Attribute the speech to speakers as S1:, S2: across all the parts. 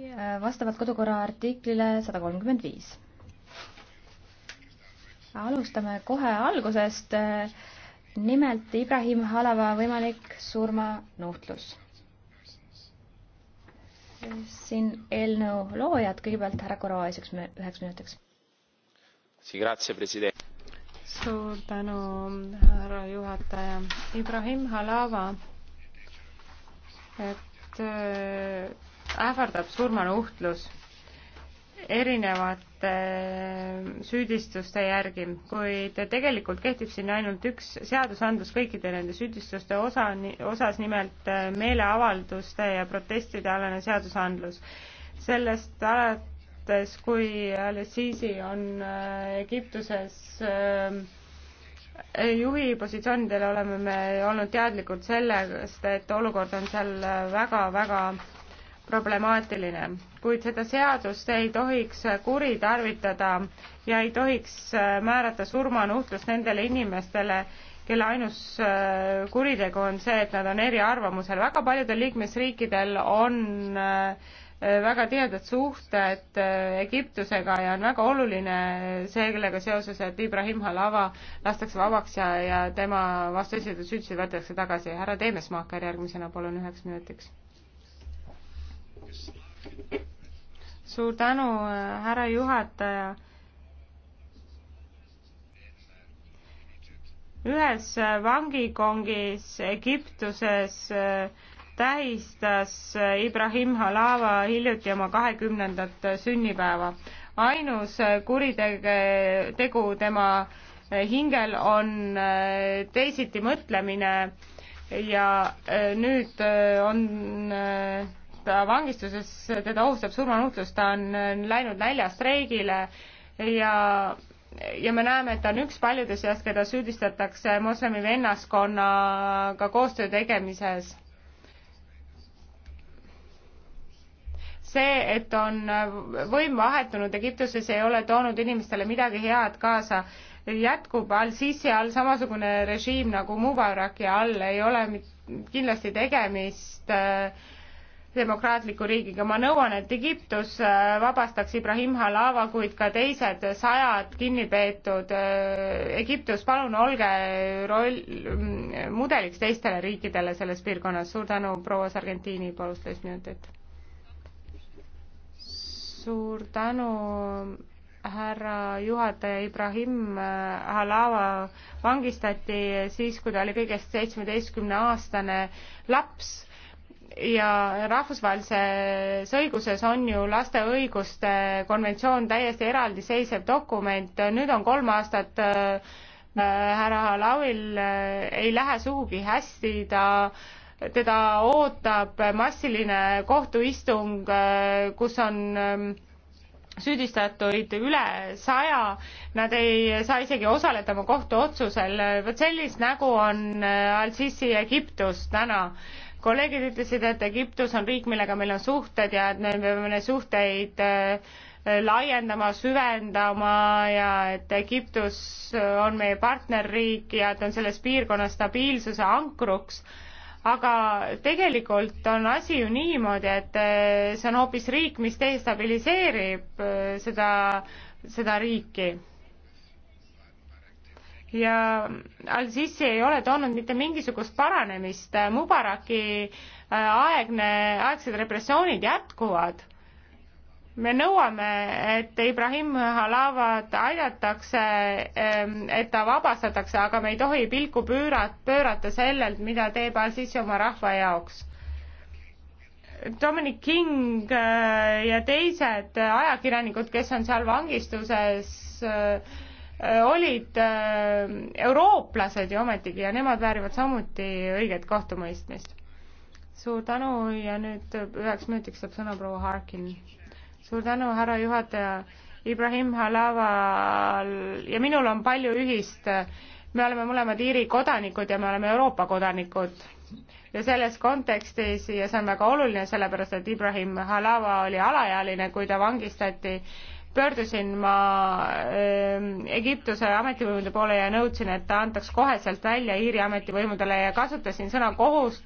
S1: Äh, vastavalt kodukorra artiklile sada kolmkümmend viis. alustame kohe algusest. Äh, nimelt Ibrahim Halava võimalik surmanuhtlus. siin eelnõu loojad, kõigepealt härra Koroa üheks, üheks minutiks.
S2: suur tänu, härra juhataja. Ibrahim Halava, et äh, ähvardab surmanuhtlus erinevate süüdistuste järgi, kuid tegelikult kehtib siin ainult üks seadusandlus kõikide nende süüdistuste osa, osas nimelt meeleavalduste ja protestide alane seadusandlus. sellest alates, kui Al-Sisi on äh, Egiptuses äh, juhi positsioonidel oleme me olnud teadlikud sellest, et olukord on seal väga-väga problemaatiline, kuid seda seadust ei tohiks kuritarvitada ja ei tohiks äh, määrata surmanuhtlust nendele inimestele, kelle ainus äh, kuritegu on see, et nad on eriarvamusel. väga paljudel liikmesriikidel on äh, väga tihedad suhted Egiptusega ja on väga oluline sellega seoses, et Ibrahim Halava lastakse vabaks ja, ja tema vastu esitatud süüdistused võetakse tagasi. härra Teemesmaaker järgmisena, palun üheks minutiks suur tänu, härra juhataja. ühes vangikongis Egiptuses äh, tähistas äh, Ibrahim Halava hiljuti oma kahekümnendat sünnipäeva. ainus äh, kuritege-, tegu tema hingel on teisiti mõtlemine ja nüüd on ta vangistuses, teda ohustab surmanuhtlus, ta on läinud näljastreigile ja ja me näeme, et ta on üks paljude seas, keda süüdistatakse moslemi vennaskonnaga koostöö tegemises see, et on võim vahetunud Egiptuses, ei ole toonud inimestele midagi head kaasa. jätkub Al-Sisi all samasugune režiim nagu Mubaraki all, ei ole kindlasti tegemist äh, demokraatliku riigiga. ma nõuan, et Egiptus äh, vabastaks Ibrahim Halava, kuid ka teised sajad kinnipeetud. Äh, Egiptus, palun olge roll, mm, mudeliks teistele riikidele selles piirkonnas. suur tänu, proua Sargentini, palus teist minutit. suur tänu, härra juhataja Ibrahim äh, Halava vangistati siis, kui ta oli kõigest seitsmeteistkümne aastane laps ja rahvusvahelises õiguses on ju laste õiguste konventsioon täiesti eraldiseisev dokument, nüüd on kolm aastat äh, härra Halawil äh, ei lähe sugugi hästi, ta, teda ootab massiline kohtuistung, äh, kus on ähm, süüdistatuid üle saja, nad ei saa isegi osaleda oma kohtuotsusel, vot sellist nägu on Al-Sisi Egiptus täna kolleegid ütlesid, et Egiptus on riik, millega meil on suhted ja et me peame suhteid äh, laiendama, süvendama ja et Egiptus on meie partnerriik ja et on selles piirkonnas stabiilsuse ankruks aga tegelikult on asi ju niimoodi, et äh, see on hoopis riik, mis destabiliseerib äh, seda, seda riiki ja Al-Sisi ei ole toonud mitte mingisugust paranemist, Mubaraki äh, aegne, aegsed repressioonid jätkuvad. me nõuame, et Ibrahim Halavat aidatakse, ähm, et ta vabastatakse, aga me ei tohi pilku püürat-, pöörata sellelt, mida teeb Al-Sisi oma rahva jaoks Dominic King äh, ja teised ajakirjanikud, kes on seal vangistuses, äh, Äh, olid äh, eurooplased ju ometigi ja nemad väärivad samuti õiget kohtumõistmist. suur tänu ja nüüd üheks minutiks saab sõna proua Harkin. suur tänu, härra juhataja. Ibrahim Halaval ja minul on palju ühist. me oleme mõlemad Iiri kodanikud ja me oleme Euroopa kodanikud ja selles kontekstis ja see on väga oluline, sellepärast et Ibrahim Halawa oli alaealine, kui ta vangistati pöördusin ma ähm, Egiptuse ametivõimude poole ja nõudsin, et ta antaks koheselt välja Iiri ametivõimudele ja kasutasin sõna kohus,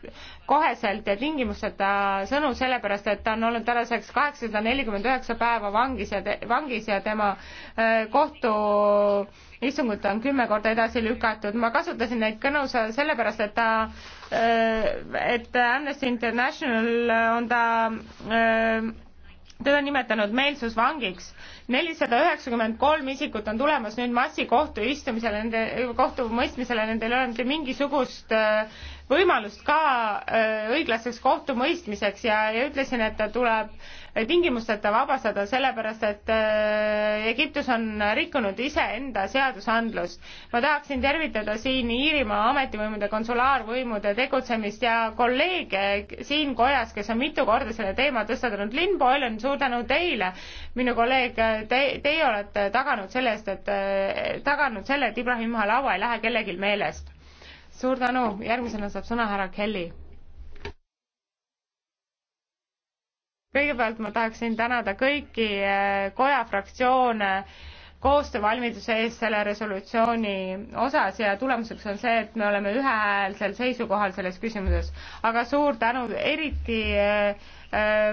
S2: koheselt ja tingimusteta sõnu, sellepärast et ta on olnud tänaseks kaheksasada nelikümmend üheksa päeva vangis ja, vangis ja tema äh, kohtu istungut on kümme korda edasi lükatud. ma kasutasin neid kõnu sellepärast, et ta äh, et Amnesty International on ta äh, teda on nimetanud meelsusvangiks. nelisada üheksakümmend kolm isikut on tulemas nüüd massikohtu istumisele, nende, kohtumõistmisele, nendel ei ole mitte mingisugust äh, võimalust ka äh, õiglaseks kohtumõistmiseks ja, ja ütlesin, et ta tuleb tingimusteta vabastada, sellepärast et äh, Egiptus on rikkunud iseenda seadusandlust. ma tahaksin tervitada siin Iirimaa ametivõimude, konsulaarvõimude tegutsemist ja kolleege siin kojas, kes on mitu korda selle teema tõstatanud. Lynn Boylan, suur tänu teile, minu kolleeg, te, teie olete taganud selle eest, et äh, taganud selle, et Ibrahim Halawa ei lähe kellelgi meelest. suur tänu, järgmisena saab sõna härra Kelly kõigepealt ma tahaksin tänada kõiki eh, koja fraktsioone eh, koostöövalmiduse eest selle resolutsiooni osas ja tulemuseks on see, et me oleme ühehäälsel seisukohal selles küsimuses. aga suur tänu eriti eh,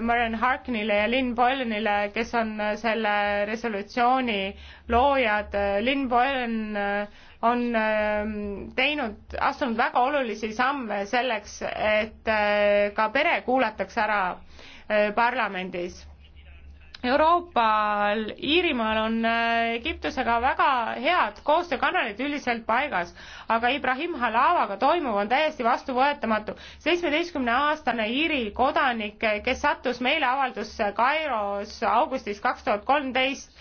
S2: Marian Harkinile ja Lynn Boylanile, kes on selle resolutsiooni loojad. Lynn Boylan on teinud, astunud väga olulisi samme selleks, et ka pere kuulatakse ära Äh, parlamendis. Euroopal, Iirimaal on äh, Egiptusega väga head koostöökanalid üldiselt paigas, aga Ibrahim Halavaga toimuv on täiesti vastuvõetamatu. seitsmeteistkümne aastane Iiri kodanik, kes sattus meeleavaldusse Kairos augustis kaks tuhat kolmteist,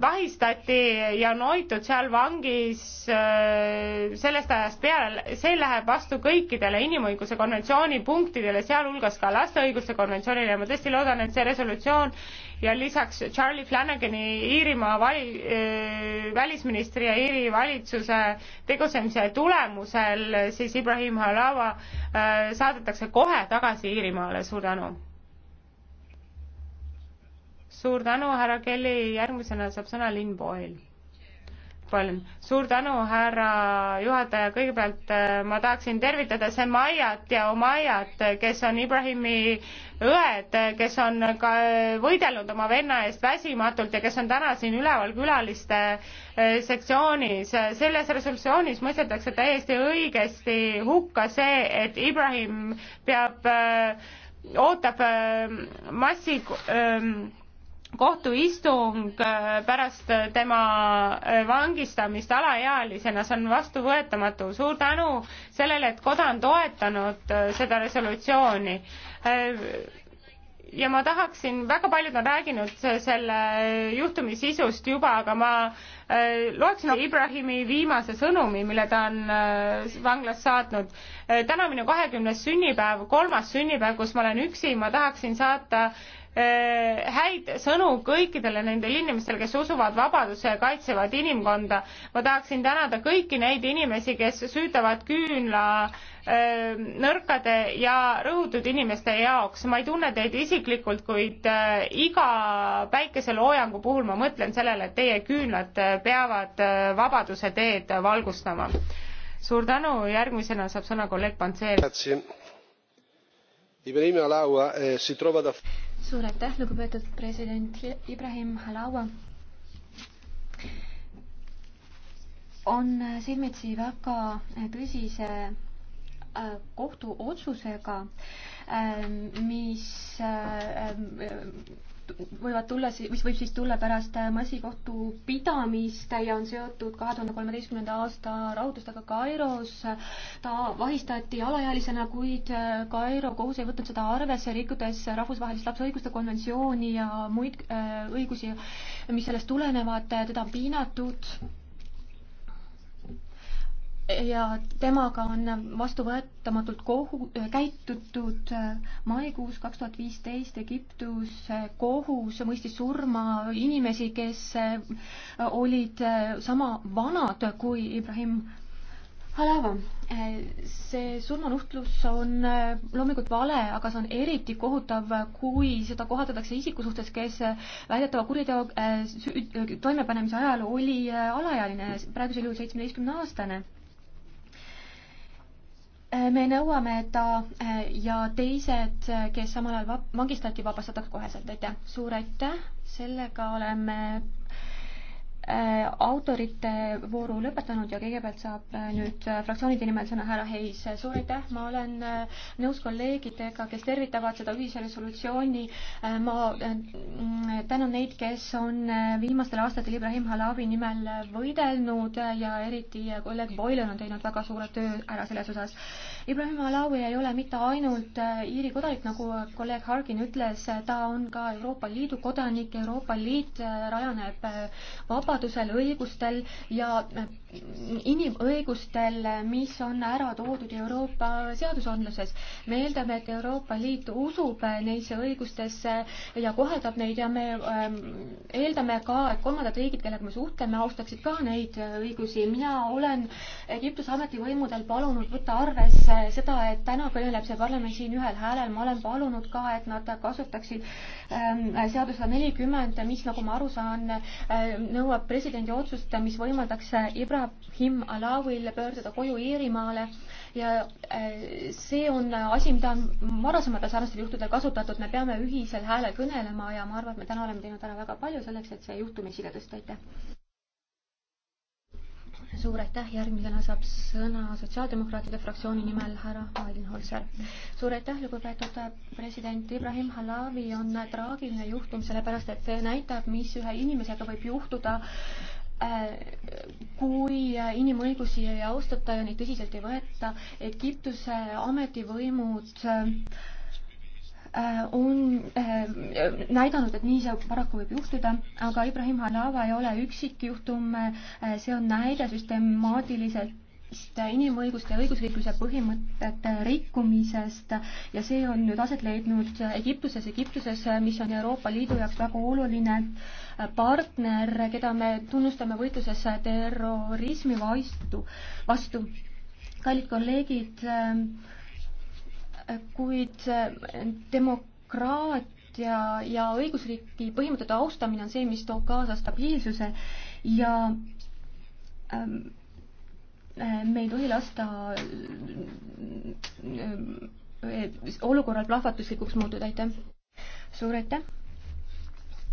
S2: vahistati ja on hoitud seal vangis sellest ajast peale, see läheb vastu kõikidele inimõiguse konventsiooni punktidele, sealhulgas ka laste õiguste konventsioonile ja ma tõesti loodan, et see resolutsioon ja lisaks Charlie Flanagani Iirimaa vali-, välisministri ja Iiri valitsuse tegutsemise tulemusel siis Ibrahim Halawa saadetakse kohe tagasi Iirimaale, suur tänu! suur tänu, härra Kelly, järgmisena saab sõna Lynn Boyle. palun, suur tänu, härra juhataja, kõigepealt äh, ma tahaksin tervitada Semaiat ja Omaiat, kes on Ibrahimi õed, kes on ka äh, võidelnud oma venna eest väsimatult ja kes on täna siin üleval külaliste äh, sektsioonis. selles resolutsioonis mõistetakse täiesti õigesti hukka see, et Ibrahim peab, ootab massi kohtuistung äh, pärast äh, tema äh, vangistamist alaealisena, see on vastuvõetamatu. suur tänu sellele, et koda on toetanud seda resolutsiooni. ja ma tahaksin, väga paljud on rääkinud selle juhtumi sisust juba, aga ma loeksin Ibrahimi viimase sõnumi, mille ta on vanglast saatnud. täna minu kahekümnes sünnipäev, kolmas sünnipäev, kus ma olen üksi, ma tahaksin saata Äh, häid sõnu kõikidele nendele inimestele, kes usuvad vabadusse ja kaitsevad inimkonda. ma tahaksin tänada kõiki neid inimesi, kes süüdavad küünla äh, nõrkade ja rõhutud inimeste jaoks. ma ei tunne teid isiklikult, kuid äh, iga päikeseloojangu puhul ma mõtlen sellele, et teie küünlad peavad vabaduse teed valgustama. suur tänu, järgmisena saab sõna kolleeg Pantseer. Ibrahim Alaua eh, si trova da suur
S1: aitäh, lugupeetud president Ibrahim Halawa. on silmitsi väga tõsise äh, kohtuotsusega, äh, mis äh, võivad tulla, mis võib siis tulla pärast äh, massikohtu pidamist ja on seotud kahe tuhande kolmeteistkümnenda aasta rahutustega Kairos. ta vahistati alaealisena, kuid äh, Kairo kohus ei võtnud seda arvesse, rikkudes rahvusvahelist lapse õiguste konventsiooni ja muid äh, õigusi, mis sellest tulenevad, teda on piinatud ja temaga on vastuvõetamatult kohu, käitutud maikuus kaks tuhat viisteist Egiptus kohus mõistis surma inimesi, kes olid sama vanad kui Ibrahim Halava, see surmanuhtlus on loomulikult vale, aga see on eriti kohutav, kui seda kohaldatakse isiku suhtes, kes väidetava kuriteo toimepanemise ajal oli alaealine, praegusel juhul seitsmeteistkümneaastane. Äh, me nõuame, et ta äh, ja teised, äh, kes samal ajal vangistati, vabastataks koheselt, aitäh. suur aitäh, sellega oleme Äh, autorite vooru lõpetanud ja kõigepealt saab äh, nüüd äh, fraktsioonide nimel sõna härra Heis. suur aitäh, ma olen nõus kolleegidega, kes tervitavad seda ühise resolutsiooni. ma mm, tänan neid, kes on viimastel aastatel Ibrahim Halavi nimel võidelnud ja eriti kolleeg Boylan on teinud väga suure töö ära selles osas. Ibrahim Halavi ei ole mitte ainult Iiri kodanik, nagu kolleeg Harkin ütles, ta on ka Euroopa Liidu kodanik, Euroopa Liit rajaneb vaba vabadusel, õigustel ja mm, inimõigustel, mis on ära toodud Euroopa seadusandluses. me eeldame, et Euroopa Liit usub neisse õigustesse ja koheldab neid ja me ähm, eeldame ka, et kolmandad riigid, kellega me suhtleme, austaksid ka neid õigusi. mina olen Egiptuse ametivõimudel palunud võtta arvesse seda, et täna kõneleb see parlament siin ühel häälel, ma olen palunud ka, et nad kasutaksid ähm, seadus sada nelikümmend, mis, nagu ma aru saan, äh, nõuab nõuab presidendi otsust, mis võimaldaks Ibrahim Alawil pöörduda koju Iirimaale ja äh, see on asi, mida on varasematel sarnastel juhtudel kasutatud, me peame ühisel häälel kõnelema ja ma arvan, et me täna oleme teinud ära väga palju selleks, et see juhtum esile tõsta, aitäh! suur aitäh, järgmisena saab sõna Sotsiaaldemokraatide fraktsiooni nimel härra Ailin Holzer. suur aitäh, lugupeetud president Ibrahim Halavi on traagiline juhtum, sellepärast et see näitab, mis ühe inimesega võib juhtuda, äh, kui inimõigusi ei austata ja neid tõsiselt ei võeta. Egiptuse ametivõimud äh, Äh, on äh, näidanud, et nii see paraku võib juhtuda, aga Ibrahim Halava ei ole üksikjuhtum, äh, see on näide süstemaatiliselt inimõiguste ja õigusriikluse põhimõtete rikkumisest ja see on nüüd aset leidnud Egiptuses, Egiptuses, mis on Euroopa Liidu jaoks väga oluline partner, keda me tunnustame võitluses terrorismi vastu, vastu. kallid kolleegid äh,, kuid eh, demokraatia ja õigusriigi põhimõtete austamine on see, mis toob kaasa stabiilsuse ja ehm, eh, me ei tohi lasta eh, olukorral plahvatuslikuks muutuda, aitäh! suur aitäh!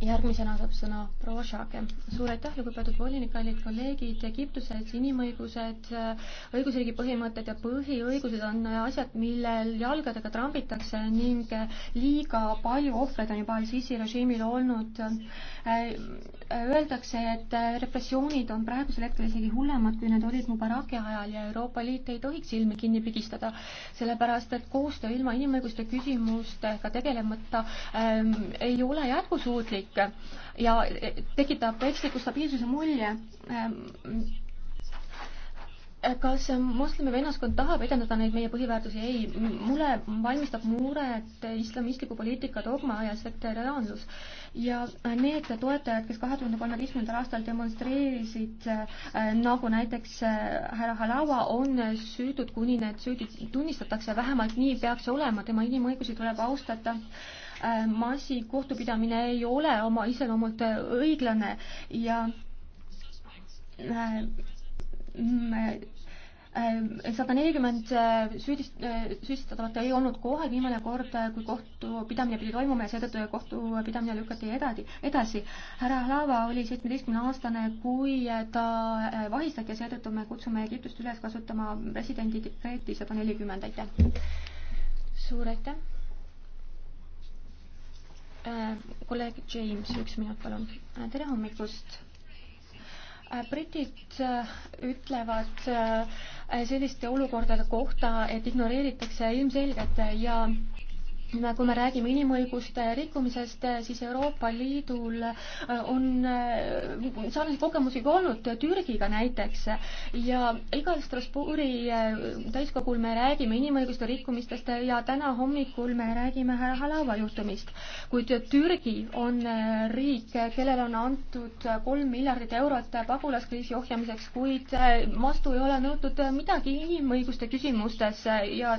S1: järgmisena saab sõna proua Šake. suur aitäh, lugupeetud volinik, kallid kolleegid, Egiptuses inimõigused, õigusriigi põhimõtted ja põhiõigused on asjad, millel jalgadega trambitakse ning liiga palju ohvreid on juba Al-Sisi režiimil olnud. Öeldakse, et repressioonid on praegusel hetkel isegi hullemad, kui need olid Mubaraki ajal ja Euroopa Liit ei tohiks silmi kinni pigistada, sellepärast et koostöö ilma inimõiguste küsimustega tegelemata ähm, ei ole jätkusuutlik riik ja tekitab eksliku stabiilsuse mulje. Ähm, kas moslemi vennaskond tahab edendada neid meie põhiväärtusi? ei, mulle valmistab muret islamistliku poliitika dogma ja sektoriaalsus ja need toetajad, kes kahe tuhande kolmeteistkümnendal aastal demonstreerisid äh, nagu näiteks äh, härra Halawa, on süüdud, kuni need süüdid tunnistatakse, vähemalt nii peaks olema, tema inimõigusi tuleb austada Äh, masikohtupidamine ei ole oma iseloomult äh, õiglane ja äh, mm, sada nelikümmend süüdist-, süüdistatavat ei olnud kohal viimane kord, kui kohtupidamine pidi toimuma ja seetõttu kohtupidamine lükati edasi, edasi. härra Hlava oli seitsmeteistkümne aastane, kui ta vahistati ja seetõttu me kutsume Egiptust üles kasutama presidendi dekreeti sada nelikümmend, aitäh. suur aitäh. Äh, kolleeg James, üks minut, palun. Äh, tere hommikust. Äh, britid ütlevad selliste olukordade kohta, et ignoreeritakse ilmselgelt ja kui me räägime inimõiguste rikkumisest, siis Euroopa Liidul äh, on äh, sarnaseid kogemusi ka olnud Türgiga näiteks ja igal Strasbourgi äh, täiskogul me räägime inimõiguste rikkumistest ja täna hommikul me räägime härra Halava juhtumist. kuid Türgi on riik, kellele on antud kolm miljardit eurot pagulaskriisi ohjamiseks, kuid vastu ei ole nõutud midagi inimõiguste küsimustes ja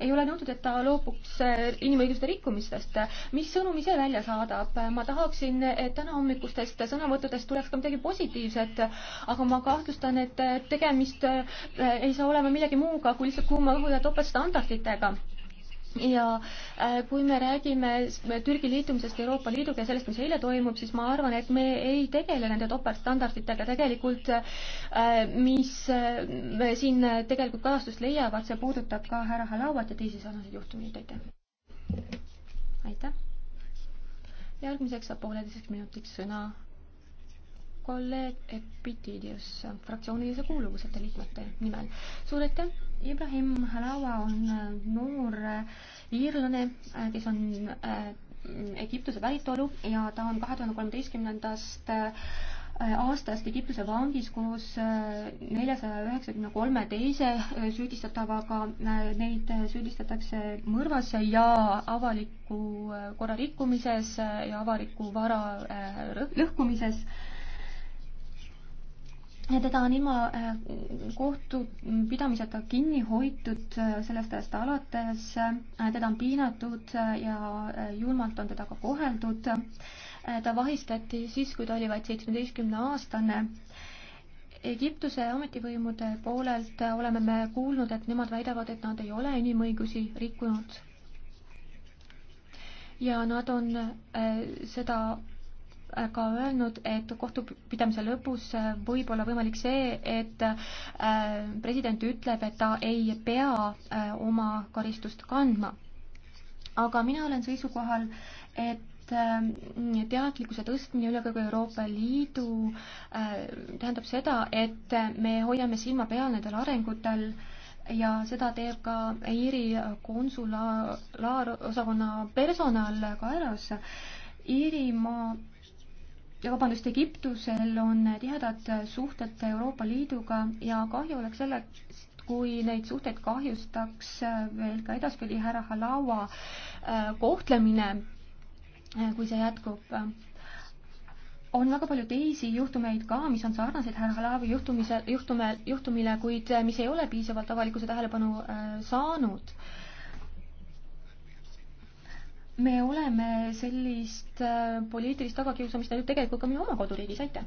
S1: ei ole nõutud, et ta loobuks inimõiguste inimõiguste rikkumistest. mis sõnumi see välja saadab? ma tahaksin, et tänahommikustest sõnavõttudest tuleks ka midagi positiivset, aga ma kahtlustan, et tegemist eh, ei saa olema millegi muuga kui lihtsalt kuuma õhu ja topeltstandarditega ja eh, kui me räägime Türgi liitumisest Euroopa Liiduga ja sellest, mis eile toimub, siis ma arvan, et me ei tegele nende topeltstandarditega tegelikult, eh, mis siin tegelikult kajastust leiavad, see puudutab ka härra Halavat ja teisi sarnaseid juhtumeid, aitäh aitäh. järgmiseks saab pooleteiseks minutiks sõna kolleeg Epitidius fraktsioonilise kuuluvuseta liikmete nimel. suur aitäh. Ibrahim Halawa on äh, noor äh, iirlane, äh, kes on Egiptuse päritolu ja ta on kahe tuhande kolmeteistkümnendast aastast Egiptuse vangis koos äh, neljasaja üheksakümne kolme teise äh, süüdistatavaga. Äh, neid süüdistatakse mõrvas ja avaliku korra rikkumises ja avaliku vara lõhkumises teda on ilma kohtupidamiseta kinni hoitud sellest ajast alates, teda on piinatud ja julmalt on teda ka koheldud. Äh, ta vahistati siis, kui ta oli vaid seitsmeteistkümne aastane. Egiptuse ametivõimude poolelt oleme me kuulnud, et nemad väidavad, et nad ei ole inimõigusi rikkunud. ja nad on äh, seda äh, ka öelnud, et kohtupidamise lõpus võib olla võimalik see, et president ütleb, et ta ei pea oma karistust kandma. aga mina olen seisukohal, et Äh, teadlikkuse tõstmine üle kogu Euroopa Liidu äh, tähendab seda, et me hoiame silma peal nendel arengutel ja seda teeb ka Iiri konsulaaosakonna personal Kairos. Iirimaa ja vabandust, Egiptusel on tihedad suhted Euroopa Liiduga ja kahju oleks selleks, kui neid suhteid kahjustaks veel ka edaspidi härra Halawa äh, kohtlemine Äh, kui see jätkub. on väga palju teisi juhtumeid ka, mis on sarnased härra Halavi juhtumise, juhtume, juhtumile, kuid äh, mis ei ole piisavalt avalikkuse tähelepanu äh, saanud. me oleme sellist poliitilist tagakiusamist näinud tegelikult ka minu oma koduriigis, aitäh!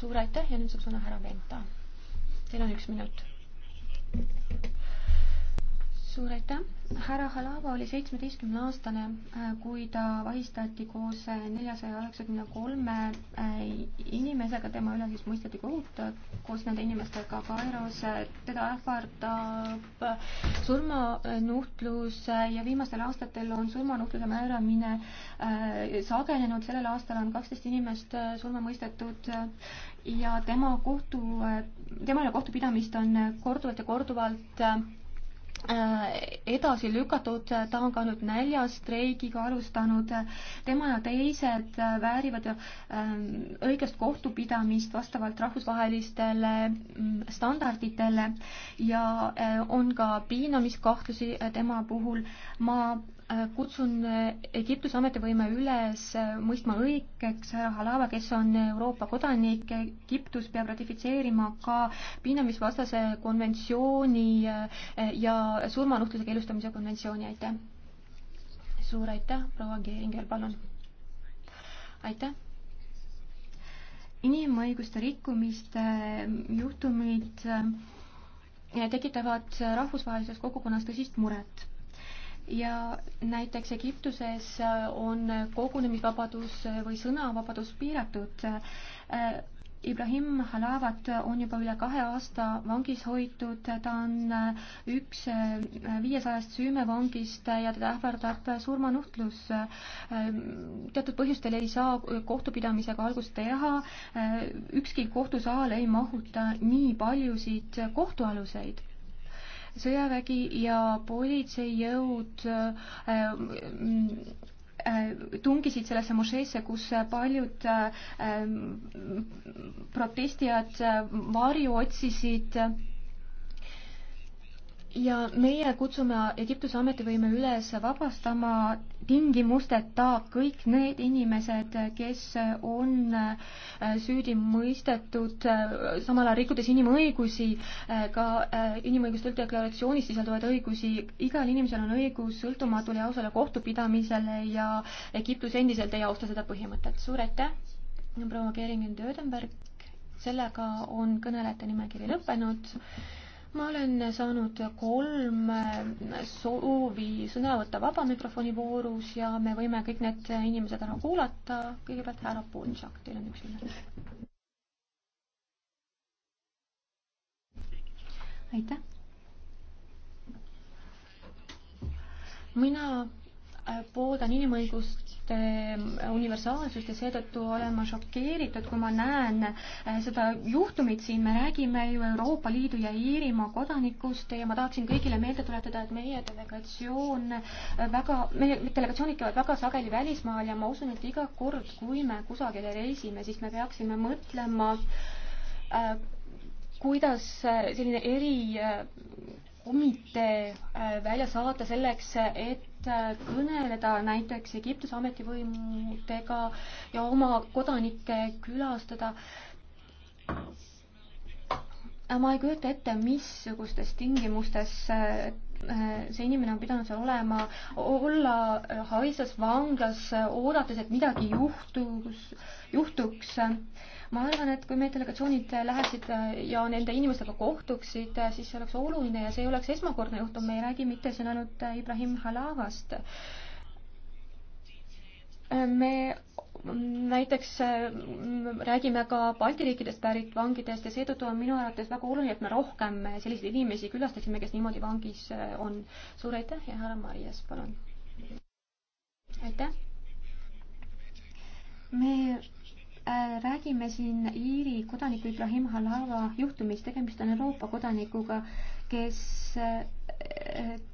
S1: suur aitäh ja nüüd saab sõna härra Venta. Teil on üks minut suur aitäh, härra Halava oli seitsmeteistkümne aastane, äh, kui ta vahistati koos äh, neljasaja üheksakümne kolme äh, inimesega, tema üle siis mõisteti kohut koos nende inimestega Kairos, teda ähvardab surmanuhtlus ja viimastel aastatel on surmanuhtluse määramine sagenenud, sellel aastal on kaksteist inimest surma mõistetud ja tema kohtu, tema üle kohtupidamist on korduvalt ja korduvalt Äh, edasi lükatud, ta on ka nüüd näljastreigiga alustanud, tema ja teised äh, väärivad äh, õigest kohtupidamist vastavalt rahvusvahelistele mm, standarditele ja on ka piinamiskahtlusi tema puhul. ma kutsun Egiptuse ametivõime üles mõistma õigeks härra Halava, kes on Euroopa kodanik. Egiptus peab ratifitseerima ka piinamisvastase konventsiooni eh, ja surmanuhtluse keelustamise konventsiooni, aitäh. suur aitäh, proua Geeringer, palun. aitäh inimõiguste rikkumiste eh, juhtumid eh, tekitavad rahvusvahelises kogukonnas tõsist muret ja näiteks Egiptuses äh, on kogunemisvabadus äh, või sõnavabadus piiratud. Äh, Ibrahim Halavat on juba üle kahe aasta vangis hoitud, ta on üks viiesajast süümevangist ja teda ähvardab surmanuhtlus. teatud põhjustel ei saa kohtupidamisega algust teha, ükski kohtusaal ei mahuta nii paljusid kohtualuseid sõjavägi ja politseijõud äh, äh, tungisid sellesse mošeesse, kus paljud äh, protestijad varju otsisid ja meie kutsume Egiptuse ametivõime üles vabastama tingimusteta kõik need inimesed, kes on äh, süüdi mõistetud, äh, samal ajal rikkudes inimõigusi, äh, ka inimõiguste ülddeklaratsioonis sisalduvaid õigusi. igal inimesel on õigus sõltumatule ja ausale kohtupidamisele ja Egiptus endiselt ei austa seda põhimõtet. suur aitäh, proua Keringen-Töödenberg. sellega on kõnelejate nimekiri lõppenud ma olen saanud kolm soovi sõna võtta vaba mikrofoni voorus ja me võime kõik need inimesed ära kuulata. kõigepealt härra Punšak, teil on üks minut. aitäh. mina pooldan inimõigust õiguste äh, universaalsust ja seetõttu olen ma šokeeritud, kui ma näen äh, seda juhtumit siin, me räägime ju Euroopa Liidu ja Iirimaa kodanikust ja ma tahaksin kõigile meelde tuletada, et meie delegatsioon äh, väga, meie delegatsioonid käivad väga sageli välismaal ja ma usun, et iga kord, kui me kusagile reisime, siis me peaksime mõtlema äh, kuidas selline eri komitee äh, välja saata selleks, et äh, kõneleda näiteks Egiptuse ametivõimudega ja oma kodanikke külastada. Äh, ma ei kujuta ette, missugustes tingimustes see inimene on pidanud seal olema, olla haislas vanglas, oodates, et midagi juhtus, juhtuks ma arvan, et kui meie delegatsioonid läheksid äh, ja nende inimestega kohtuksid, äh, siis see oleks oluline ja see ei oleks esmakordne juhtum, me ei räägi mitte siin ainult äh, Ibrahim Halavast. me mm, näiteks mm, räägime ka Balti riikidest pärit vangidest ja seetõttu on minu arvates väga oluline, et me rohkem selliseid inimesi külastaksime, kes niimoodi vangis on. suur aitäh ja härra Marias, palun. aitäh. me Äh, räägime siin Iiri kodaniku Ibrahim Halava juhtumist, tegemist on Euroopa kodanikuga, kes, äh,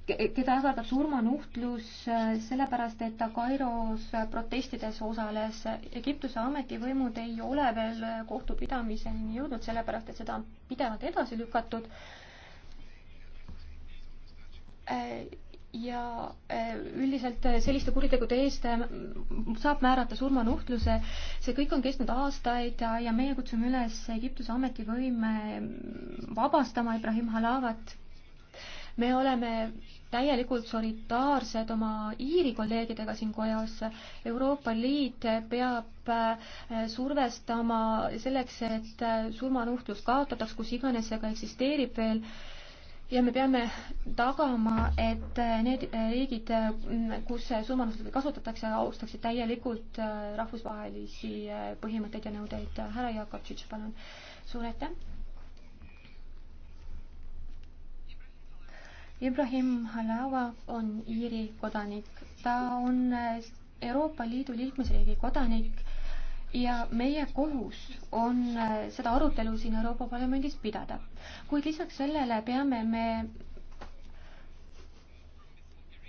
S1: keda ähvardab surmanuhtlus äh, sellepärast, et ta Kairos protestides osales. Egiptuse ametivõimud ei ole veel kohtupidamiseni jõudnud, sellepärast et seda on pidevalt edasi lükatud ja äh, üldiselt äh, selliste kuritegude eest äh, saab määrata surmanuhtluse. see kõik on kestnud aastaid ja meie kutsume üles Egiptuse ametivõime mm, vabastama Ibrahim Halavat. me oleme täielikult solidaarsed oma Iiri kolleegidega siin kojas. Euroopa Liit peab survestama selleks, et surmanuhtlus kaotataks, kus iganes see ka eksisteerib veel ja me peame tagama, et need riigid, kus surmanuhtlust kasutatakse, austaksid täielikult rahvusvahelisi põhimõtteid ja nõudeid. härra Jakovtšitš, palun. suur aitäh. Ibrahim Halawa on Iiri kodanik, ta on Euroopa Liidu liikmesriigi kodanik ja meie kohus on äh, seda arutelu siin Euroopa Parlamendis pidada. kuid lisaks sellele peame me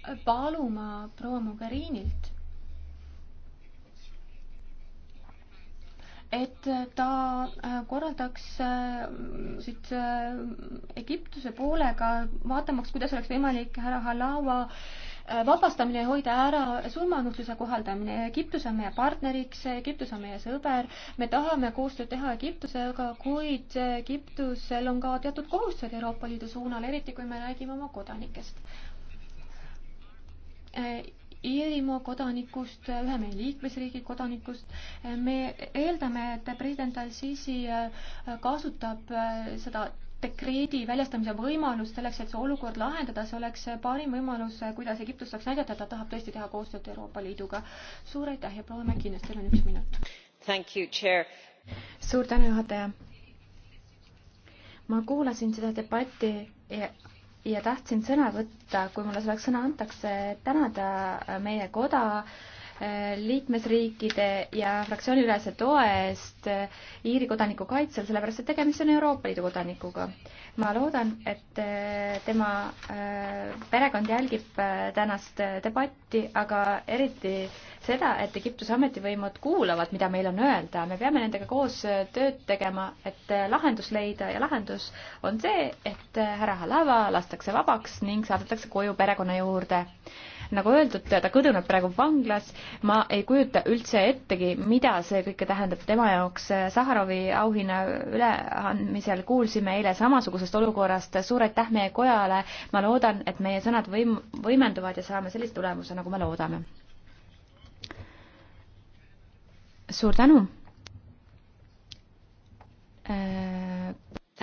S1: äh, paluma proua Mogherinilt, et ta äh, korraldaks siit Egiptuse poolega, vaatamaks, kuidas oleks võimalik härra Halawa äh, Äh, vabastamine ja hoida ära surmanuhtluse kohaldamine. Egiptus on meie partneriks, Egiptus on meie sõber, me tahame koostööd teha Egiptusega, kuid Egiptusel on ka teatud kohustused Euroopa Liidu suunal, eriti kui me räägime oma kodanikest. Äh, Iirimaa kodanikust, ühe meie liikmesriigi kodanikust. Äh, me eeldame, et president Al-Sisi kasutab seda dekreedi väljastamise võimalus selleks, et see olukord lahendada, see oleks parim võimalus, kuidas Egiptus saaks näidata, et ta tahab tõesti teha koostööd Euroopa Liiduga. suur aitäh ja proua Mäkinas, teil on üks minut. suur tänu, juhataja. ma kuulasin seda debatti ja ja tahtsin sõna võtta, kui mulle selleks sõna antakse, tänada meie koda äh, liikmesriikide ja fraktsiooniülese toe eest eh, Iiri kodaniku kaitsel, sellepärast et tegemist on Euroopa Liidu kodanikuga. ma loodan, et eh, tema eh, perekond jälgib tänast debatti, aga eriti seda, et Egiptuse ametivõimud kuulavad, mida meil on öelda, me peame nendega koos tööd tegema, et lahendus leida ja lahendus on see, et härra Halava lastakse vabaks ning saadetakse koju perekonna juurde nagu öeldud, ta kõduneb praegu vanglas, ma ei kujuta üldse ettegi, mida see kõike tähendab tema jaoks. Saharovi auhinna üleandmisel kuulsime eile samasugusest olukorrast, suur aitäh meie kojale, ma loodan, et meie sõnad võim-, võimenduvad ja saame sellise tulemuse, nagu me loodame. suur tänu proua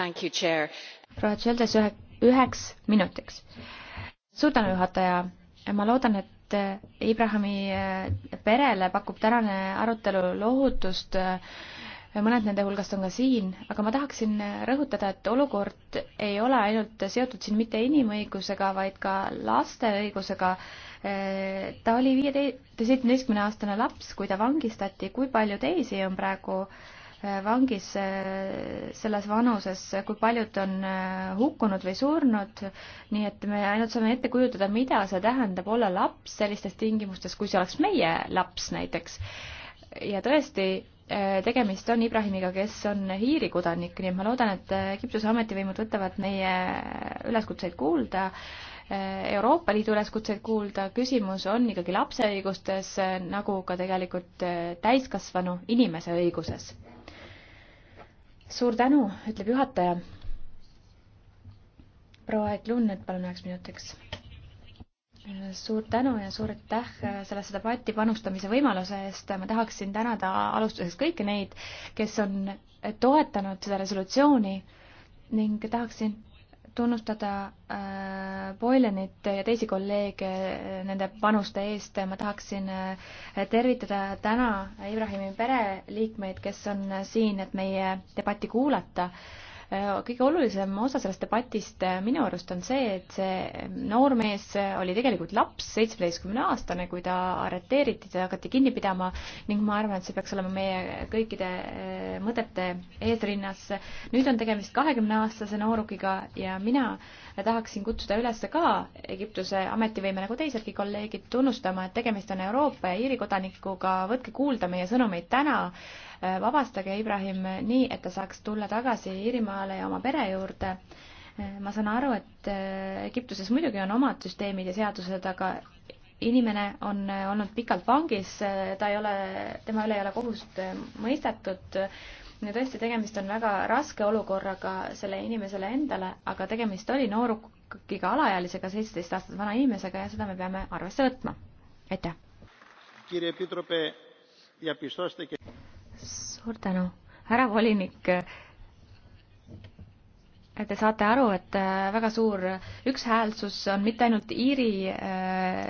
S1: äh, Tšeldes ühe, üheks minutiks. suur tänu, juhataja ma loodan, et äh, Ibrahimi äh, perele pakub tänane arutelu lohutust, äh, mõned nende hulgast on ka siin, aga ma tahaksin rõhutada, et olukord ei ole ainult seotud siin mitte inimõigusega, vaid ka laste õigusega. ta oli viieteist, seitsmeteistkümne aastane laps, kui ta vangistati, kui palju teisi on praegu äh, vangis eh, selles vanuses, kui paljud on eh, hukkunud või surnud, nii et me ainult saame ette kujutada, mida see tähendab olla laps sellistes tingimustes, kui see oleks meie laps näiteks. ja tõesti, eh, tegemist on Ibrahimiga, kes on Iiri kodanik, nii et ma loodan, et Egiptuse ametivõimud võtavad meie üleskutseid kuulda Euroopa Liidu üleskutseid kuulda, küsimus on ikkagi lapse õigustes, nagu ka tegelikult täiskasvanu inimese õiguses suur tänu, ütleb juhataja. proua Eklun, nüüd palun üheks minutiks. suur tänu ja suur aitäh sellesse debatti panustamise võimaluse eest. ma tahaksin tänada alustuseks kõiki neid, kes on toetanud seda resolutsiooni ning tahaksin tunnustada äh, Boylenit ja teisi kolleege nende panuste eest. ma tahaksin äh, tervitada täna Ibrahimi pereliikmeid, kes on siin, et meie debatti kuulata äh, Äh, kõige olulisem osa sellest debatist äh, minu arust on see, et see noormees äh, oli tegelikult laps, seitsmeteistkümne aastane, kui ta arreteeriti, teda hakati kinni pidama ning ma arvan, et see peaks olema meie kõikide mõtete eesrinnas. nüüd on tegemist kahekümne aastase noorukiga ja mina tahaksin kutsuda üles ka Egiptuse ametivõime, nagu teisedki kolleegid, tunnustama, et tegemist on Euroopa ja Iiri kodanikuga, võtke kuulda meie sõnumeid täna, äh, vabastage Ibrahim nii, et ta saaks tulla tagasi Iirimaale ja oma pere juurde äh, ma saan aru, et äh, Egiptuses muidugi on omad süsteemid ja seadused, aga inimene on olnud pikalt vangis, ta ei ole, tema üle ei ole kohust mõistetud no tõesti, tegemist on väga raske olukorraga selle inimesele endale, aga tegemist oli noorukiga alaealisega, seitseteist aastat vana inimesega ja seda me peame arvesse võtma. aitäh! suur tänu, härra volinik te saate aru, et äh, väga suur ükshäälsus on mitte ainult Iiri äh,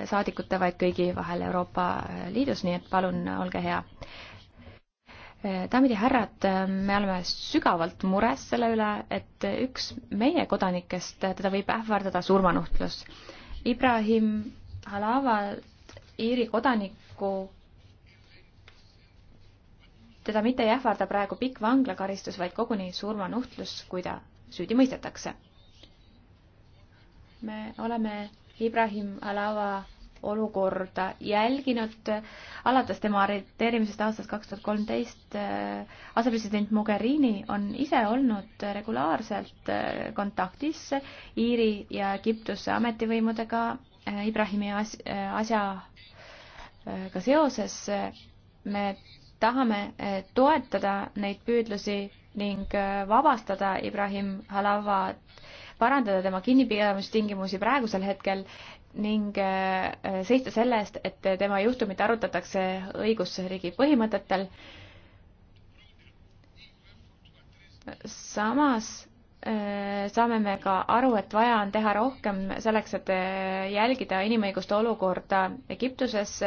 S1: saadikute, vaid kõigi vahel Euroopa äh, Liidus, nii et palun, olge hea daamid ja härrad, me oleme sügavalt mures selle üle, et üks meie kodanikest, teda võib ähvardada surmanuhtlus. Ibrahim Halava, Iiri kodaniku, teda mitte ei ähvarda praegu pikk vanglakaristus, vaid koguni surmanuhtlus, kui ta süüdi mõistetakse. me oleme Ibrahim Halava olukorda jälginud alates tema arreteerimisest aastast kaks tuhat kolmteist. Äh, asepresident Mogherini on ise olnud regulaarselt äh, kontaktis Iiri ja Egiptuse ametivõimudega äh, Ibrahimi as-, asjaga seoses. me tahame toetada neid püüdlusi ning vabastada Ibrahim Halavat parandada tema kinnipidamistingimusi praegusel hetkel ning äh, seista selle eest, et tema juhtumit arutatakse õigusriigi põhimõtetel. samas äh, saame me ka aru, et vaja on teha rohkem selleks, et äh, jälgida inimõiguste olukorda Egiptuses.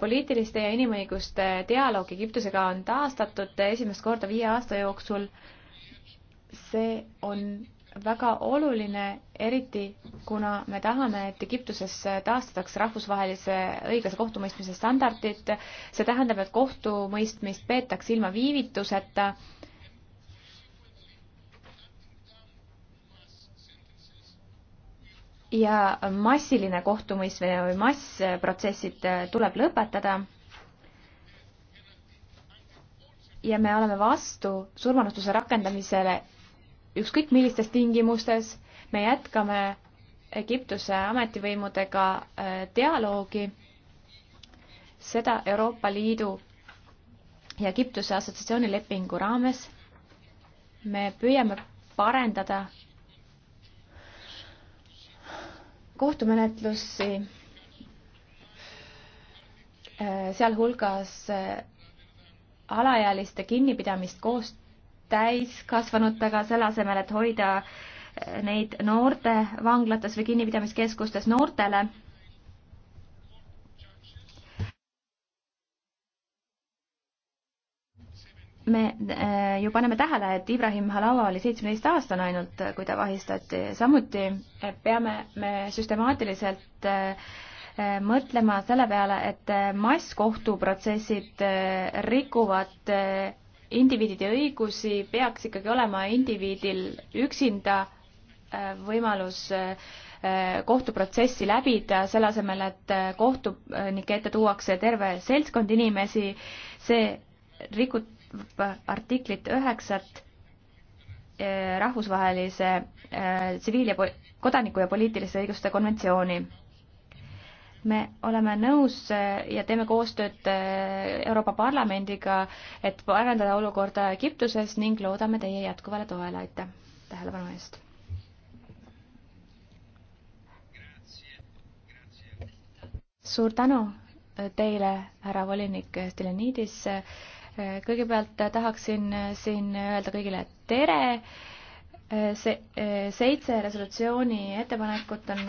S1: poliitiliste ja inimõiguste dialoog Egiptusega on taastatud esimest korda viie aasta jooksul. see on väga oluline, eriti kuna me tahame, et Egiptuses taastataks rahvusvahelise õiglase kohtumõistmise standardid. see tähendab, et kohtumõistmist peetakse ilma viivituseta. ja massiline kohtumõistmine või massprotsessid tuleb lõpetada ja me oleme vastu surmanutuse rakendamisele ükskõik millistes tingimustes, me jätkame Egiptuse ametivõimudega äh, dialoogi, seda Euroopa Liidu ja Egiptuse assotsiatsioonilepingu raames. me püüame parendada kohtumenetlusi, äh, sealhulgas äh, alaealiste kinnipidamist koostöös täiskasvanutega, selle asemel, et hoida eh, neid noorte vanglates või kinnipidamiskeskustes noortele. me eh, ju paneme tähele, et Ibrahim Halawa oli seitsmeteistaastane ainult, eh, kui ta vahistati. samuti peame me süstemaatiliselt mõtlema selle peale, et masskohtuprotsessid rikuvad indiviidide õigusi peaks ikkagi olema indiviidil üksinda äh, võimalus äh, kohtuprotsessi läbida, selle asemel, et äh, kohtunike ette tuuakse terve seltskond inimesi, see rikub artiklit üheksat rahvusvahelise tsiviil- ja kodaniku- ja poliitiliste õiguste konventsiooni me oleme nõus eh, ja teeme koostööd eh, Euroopa Parlamendiga, et parandada olukorda Egiptuses ning loodame teie jätkuvale toele, aitäh tähelepanu eest. suur tänu teile, härra volinik Steljanidis. Eh, kõigepealt tahaksin siin öelda kõigile tere see seitse resolutsiooni ettepanekut on